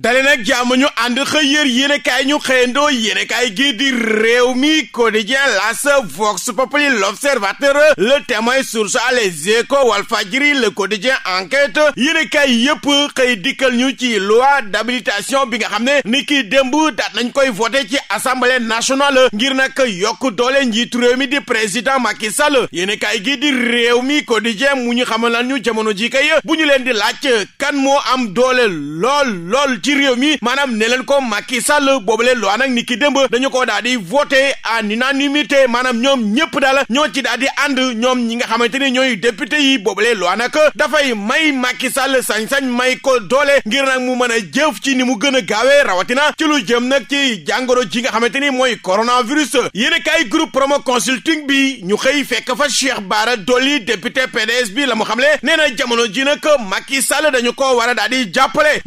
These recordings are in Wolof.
dale nag jàmm ñu ànd xëy yër yéenekaay ñu xëyandoo yéenekaay gi di réew mii mi quotidien las vox populi l'observateur le témoin source a les échos walfajri le quotidien enquête yéenekaay yëpp xëy dikkal ñu ci loi d'habilitation bi nga xam ne ni kii démb daat nañ koy voté ci assemblée nationale ngir nag yokk doole njiitu réew mi di président Macky Sall yéenekaay gii di réew mi quotidien mu ñu xamal ñu jamono ji kay bu ñu leen di laaj kan moo am doole lool lool ci réew mi maanaam ne leen ko Macky Sall boobule loi nag ni ki démb dañu ko daal di voté en unanimité maanaam ñoom ñëpp daal ñoo ci daal di ànd ñoom ñi nga xamante ni ñooy député yi boobule loi nag dafay may Macky Sall sañ-sañ may ko doole ngir nag mu mën a jëf ci ni mu gën a gaawee rawatina ci lu jëm nag ci jàngoro ji nga xamante ni mooy coronavirus yéen kay groupe promo consulting bi ñu xëy fekk fa Cheikh Bara Dolly député PDS bi la mu xamle nee na jamono ji nag Macky Sall dañu ko war daal di jàppale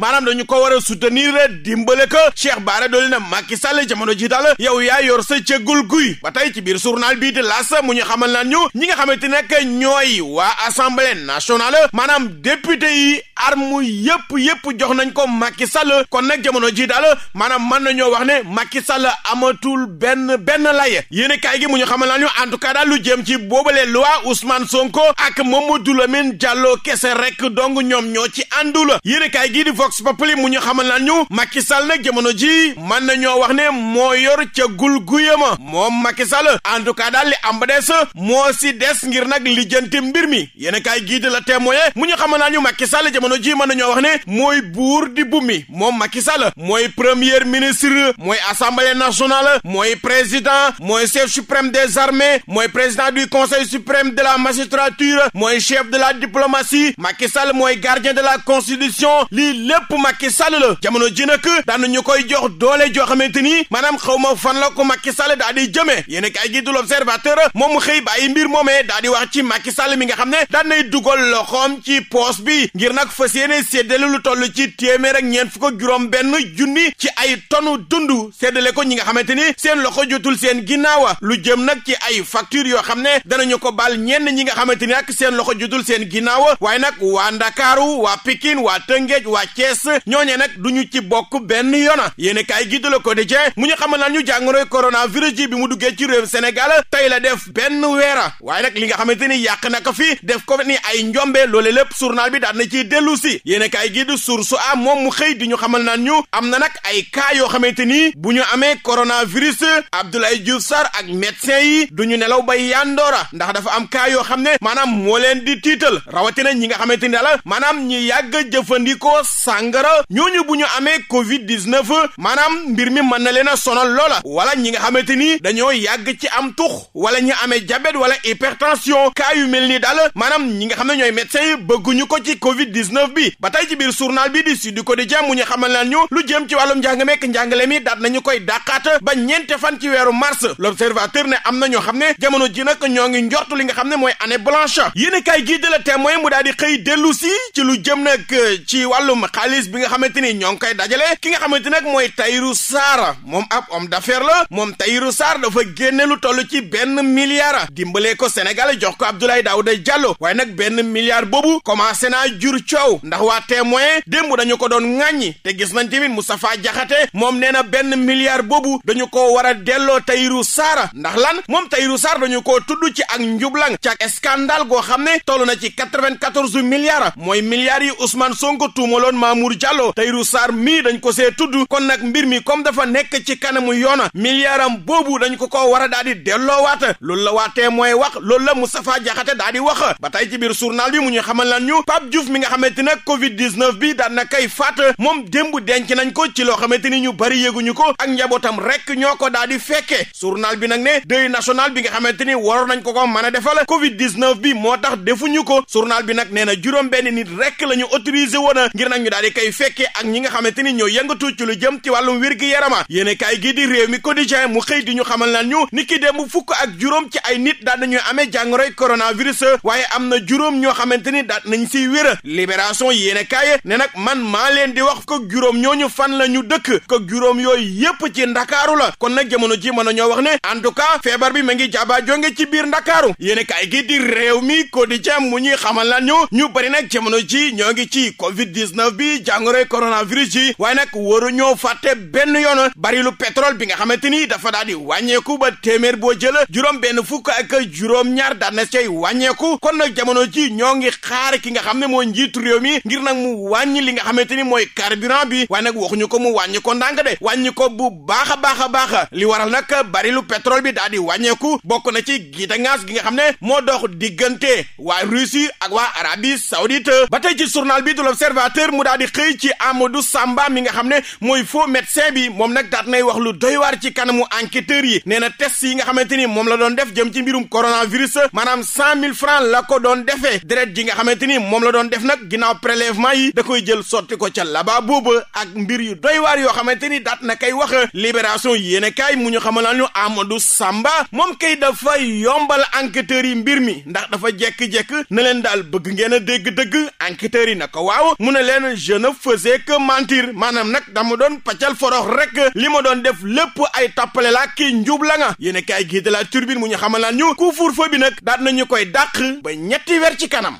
soutenir dimbale ko Cheikh Bara Dolly na Macky Sall jamono ji daal yow yaa yor sa cëggul guy ba tey ci biir journal bii di las mu ñu xamal naan ñu ñi nga xamante nekk ñooy waa assemblée nationale maanaam député yi arme yëpp yëpp jox nañ ko Macky Sall kon nag jamono ji daal maanaam mën nañoo wax ne Macky Sall amatul benn benn lay yéen kaay gi mu ñu xamal ñu en tout cas daal lu jëm ci boobale loi Ousmane Sonko ak Mamadou Lamine Diallo kese rek dong ñoom ñoo ci àndul yéen kaay gi di Vox Populi mu ñu xamal ñu Macky Sall jamono ji mën nañoo wax ne moo yor ca gul guyama moo Macky Sall en tout cas daal li am ba moo si des ngir nag lijjanti mbir mi yéen kay gi di la témoigner mu ñu xamal ñu Macky Sall jamono jamono ji mën ñoo wax ne mooy buur di bumi moom Macky Sall mooy premier ministre mooy assemblée nationale mooy président mooy chef suprême des armées mooy président du conseil suprême de la magistrature mooy chef de la diplomatie Macky Sall mooy gardien de la constitution lii lépp Macky Sall la jamono ji nag daan ñu koy jox doole joo xamante ni maanaam xaw ma fan la ko Macky Sall daa di jëmee yéen a kaay gi du l'observateur moom mu xëy ba mbir moomee daa di wax ci Macky Sall mi nga xam ne daan nay dugal loxoom ci poos bi fas yéene séddale lu toll ci téeméer ak ñeen fukk ak juróom benn junni ci ay tonu dund séddale ko ñi nga xamante ni seen loxo jotul seen ginnaawa lu jëm nag ci ay facture yoo xam ne danañu ko bal ñenn ñi nga xamante ni ak seen loxo jotul seen ginnaawa waaye nag waa Ndakaaru waa Pikine waa Tëngéej waa cees ñooñee nag ñu ci bokk benn yoona yéen kaay gi de Le Quotidien mu ñu xamal naa ñu jàngoroy coronavirus ji bi mu duggee ci réew Sénégal tey la def benn weera waaye nag li nga xamante ni yàq na ko fi def ko ni ay njombe loole lépp journal bi dellu si yéen kaay gi di source a moom mu xëy di ñu xamal naan ñu am na nag ay cas yoo xamante ni bu ñu amee coronavirus Abdoulaye Diouf Sarr ak médecin yi du ñu nelaw bay yandoora ndax dafa am cas yoo xam ne maanaam moo leen di tiital rawatina ñi nga xamante ni daal maanaam ñi yàgg jëfandikoo sàngara ñooñu bu ñu amee Covid 19 maanaam mbir mi mën na leen a sonal loola wala ñi nga xamante ni dañoo yàgg ci am tux wala ñi amee diabète wala hypertension cas yu mel ni daal maanaam ñi nga xam ne ñooy médecin covid-19 bi ba tey ci biir journal bi di Sud Quotidien mu ñu xamal naan ñu lu jëm ci wàllum njàng mekk njàngale mi daat nañu koy dàqaat ba ñeente fan ci weeru mars l'observateur ne am na ñoo xam ne jamono ji nag ñoo ngi njortu li nga xam ne mooy année blanche yéen kay gii de la témoin mu daal di xëy dellu si ci lu jëm nag ci wàllum xaalis bi nga xamante ni ñoo ngi koy dajale ki nga xamante nag mooy Tahirou Sarr moom ab homme d'affaires la moom Tahirou Sarr dafa génne lu toll ci benn milliard dimbalee ko Sénégal jox ko Abdoulaye Daouda Diallo waaye nag benn milliard boobu commencé waaw ndax waa témoin démb dañu ko doon ŋàññi te gis nañ tamit Moustapha Diakhaté moom nee na benn milliard boobu dañu ko war a delloo Tahirou Sarr ndax lan moom Tahirou Sarr dañu koo tudd ci ak njublang ci ak scandale goo xam ne toll na ci quatre-vingt-quatorze milliards mooy milliards yi Ousmane Sonko tuumaloon Mamour Diallo Tahirou Sarr mii dañ ko see tudd kon nag mbir mi comme dafa nekk ci kanamu yoona milliard am boobu dañ ko ko war a daal di delloowaat loolu la waa témoin la Moustapha Diakhaté daal di wax ba tey ci biir metti nag Covid 19 bi daan na kay faat moom démb denc nañ ko ci loo xamante ni ñu bari yéeguñu ko ak njabootam rek ñoo ko daal di fekkee journal bi nag ne deuil national bi nga xamante ni waroon nañ ko ko mën a defal Covid 19 bi moo tax defuñu ko journal bi nag nee na juróom-benn nit rekk la ñu autorisé woon ngir nag ñu daal di kay fekkee ak ñi nga xamante ni ñoo yëngatu ci lu jëm ci wàllum wér-gi-yarama yéen kaay gi di réew mi quotidien mu xëy di ñu xamal nañ ñu ni ki démb fukk ak juróom ci ay nit daan nañuy amee jàngoroy coronavirus waaye am na juróom ñoo xamante ni daan nañ siy wér libéral libération yéene kaay ne nag man maa leen di wax ko juróom ñooñu fan la ñu dëkk ko juróom yooyu yépp ci ndakaaru la kon nag jamono ji mën na ñoo wax ne en tout feebar bi ma ngi jaaba jonge ci biir ndakaaru yéene kaay gi di réew mi quotidien mu ñuy xamal lan ñu ñu bari nag jamono ji ñoo ngi ci covid 19 bi jàngoroy coronavirus yi waaye nag waru ñoo fàtte benn yoon bari lu pétrole bi nga xamante ni dafa daal di wàññeeku ba téeméer boo jël juróom benn fukk ak juróom ñaar daal na wàññeeku kon nag jamono ji ñoo ngi ki nga xam ne moo njiitu réew mi ngir nag mu wàññi li nga xamante ni mooy carburant bi waaye nag waxuñu ko mu wàññi ko ndànk de wàññi bu baax a baax a baax li waral nag barilu pétrole bi daal di wàññeeku bokk na ci gitangaas gi nga xam ne moo dox diggante waa Russie ak waa Arabie Saoudite ba tey ci journal bi du l'Observateur mu daal di xëy ci Amadou Samba mi nga xam ne mooy faux médecin bi moom nag daat nay wax lu doy waar ci kanamu enquêteurs yi nee na test yi nga xamante ni moom la doon def jëm ci mbirum coronavirus maanaam cent mille francs la ko doon defee deret ji nga xamante ni moom la doon def nag ginnaaw yi da koy jël sotti ko ca laba booba ak mbir yu doy waar yoo xamante ni daat na kay wax libération yéene kaay mu ñu xamal ñu Amadou Samba moom kay dafa yombal enquêteurs yi mbir mi ndax dafa jekk-jekk na leen daal bëgg ngeen a dégg dëgg enquêteurs yi na ko waaw mu ne leen je ne faisais que mentir maanaam nag dama doon paccal forox rek li ma doon def lépp ay tappale la kii njub la nga yéene kaay gii de la turbine mu ñu xamal ñu ku fuur fa bi nag daat nañu koy dàq ba ñetti weer ci kanam